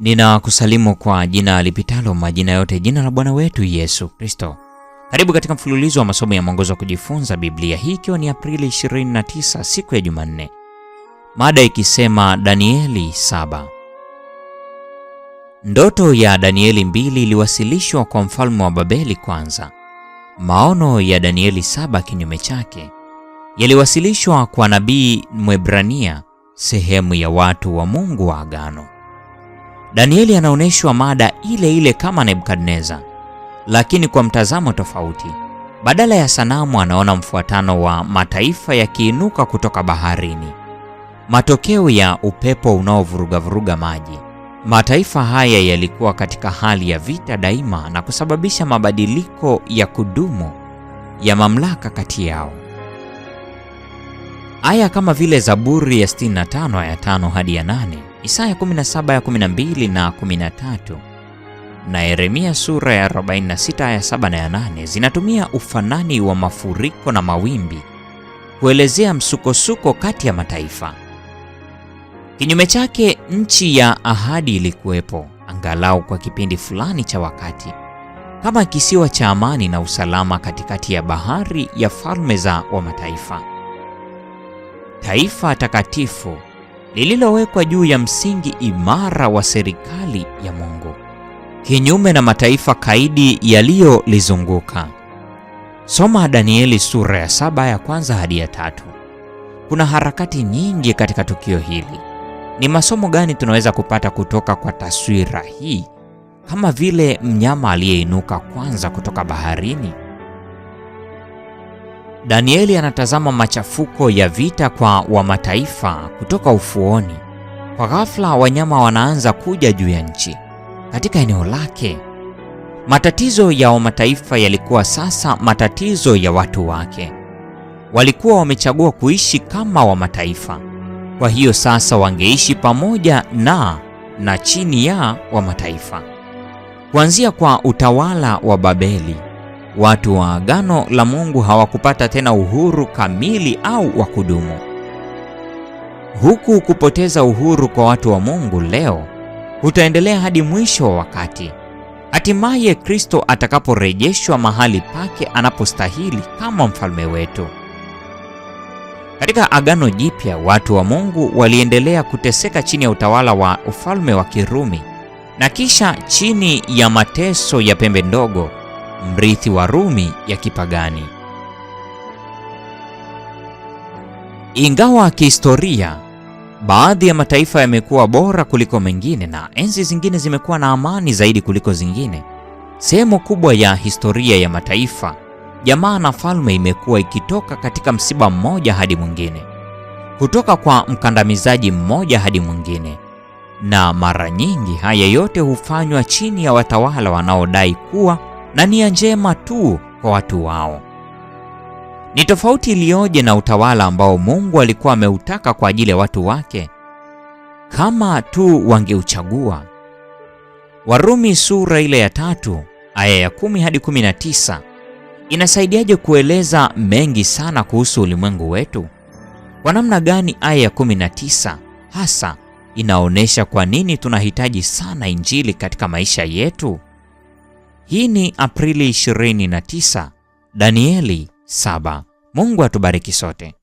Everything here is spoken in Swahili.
Ninakusalimu kwa jina lipitalo majina yote, jina la Bwana wetu Yesu Kristo. Karibu katika mfululizo wa masomo ya mwongozo wa kujifunza Biblia, hii ikiwa ni Aprili 29 siku ya Jumanne, mada ikisema Danieli saba. Ndoto ya Danieli mbili iliwasilishwa kwa mfalme wa Babeli kwanza. Maono ya Danieli saba kinyume chake yaliwasilishwa kwa nabii Mwebrania, sehemu ya watu wa Mungu wa Agano. Danieli anaonyeshwa mada ile ile kama Nebukadneza, lakini kwa mtazamo tofauti. Badala ya sanamu, anaona mfuatano wa mataifa yakiinuka kutoka baharini, matokeo ya upepo unaovurugavuruga maji. Mataifa haya yalikuwa katika hali ya vita daima na kusababisha mabadiliko ya kudumu ya mamlaka kati yao. Aya kama vile Zaburi ya 65 ya 5 hadi ya 8, Isaya 17 ya 12 na 13 na Yeremia sura ya 46 ya 7 na ya 8 zinatumia ufanani wa mafuriko na mawimbi kuelezea msukosuko kati ya mataifa. Kinyume chake, nchi ya ahadi ilikuwepo angalau kwa kipindi fulani cha wakati kama kisiwa cha amani na usalama katikati ya bahari ya falme za wa mataifa taifa takatifu lililowekwa juu ya msingi imara wa serikali ya Mungu, kinyume na mataifa kaidi yaliyolizunguka. Soma Danieli sura ya saba ya kwanza hadi ya tatu. Kuna harakati nyingi katika tukio hili. Ni masomo gani tunaweza kupata kutoka kwa taswira hii? Kama vile mnyama aliyeinuka kwanza kutoka baharini. Danieli anatazama machafuko ya vita kwa wamataifa kutoka ufuoni. Kwa ghafla, wanyama wanaanza kuja juu ya nchi katika eneo lake. Matatizo ya wamataifa yalikuwa sasa matatizo ya watu wake. Walikuwa wamechagua kuishi kama wamataifa, kwa hiyo sasa wangeishi pamoja na na chini ya wamataifa, kuanzia kwa utawala wa Babeli watu wa Agano la Mungu hawakupata tena uhuru kamili au wa kudumu. Huku kupoteza uhuru kwa watu wa Mungu leo utaendelea hadi mwisho wa wakati. Hatimaye Kristo atakaporejeshwa mahali pake anapostahili kama mfalme wetu. Katika Agano Jipya, watu wa Mungu waliendelea kuteseka chini ya utawala wa ufalme wa Kirumi na kisha chini ya mateso ya pembe ndogo mrithi wa Rumi ya kipagani. Ingawa kihistoria baadhi ya mataifa yamekuwa bora kuliko mengine na enzi zingine zimekuwa na amani zaidi kuliko zingine, sehemu kubwa ya historia ya mataifa, jamaa na falme imekuwa ikitoka katika msiba mmoja hadi mwingine, kutoka kwa mkandamizaji mmoja hadi mwingine, na mara nyingi haya yote hufanywa chini ya watawala wanaodai kuwa na nia njema tu kwa watu wao. Ni tofauti iliyoje na utawala ambao Mungu alikuwa ameutaka kwa ajili ya watu wake kama tu wangeuchagua. Warumi sura ile ya tatu aya ya kumi hadi kumi na tisa inasaidiaje kueleza mengi sana kuhusu ulimwengu wetu? Kwa namna gani aya ya kumi na tisa hasa inaonyesha kwa nini tunahitaji sana injili katika maisha yetu? Hii ni Aprili 29, Danieli 7. Mungu atubariki sote.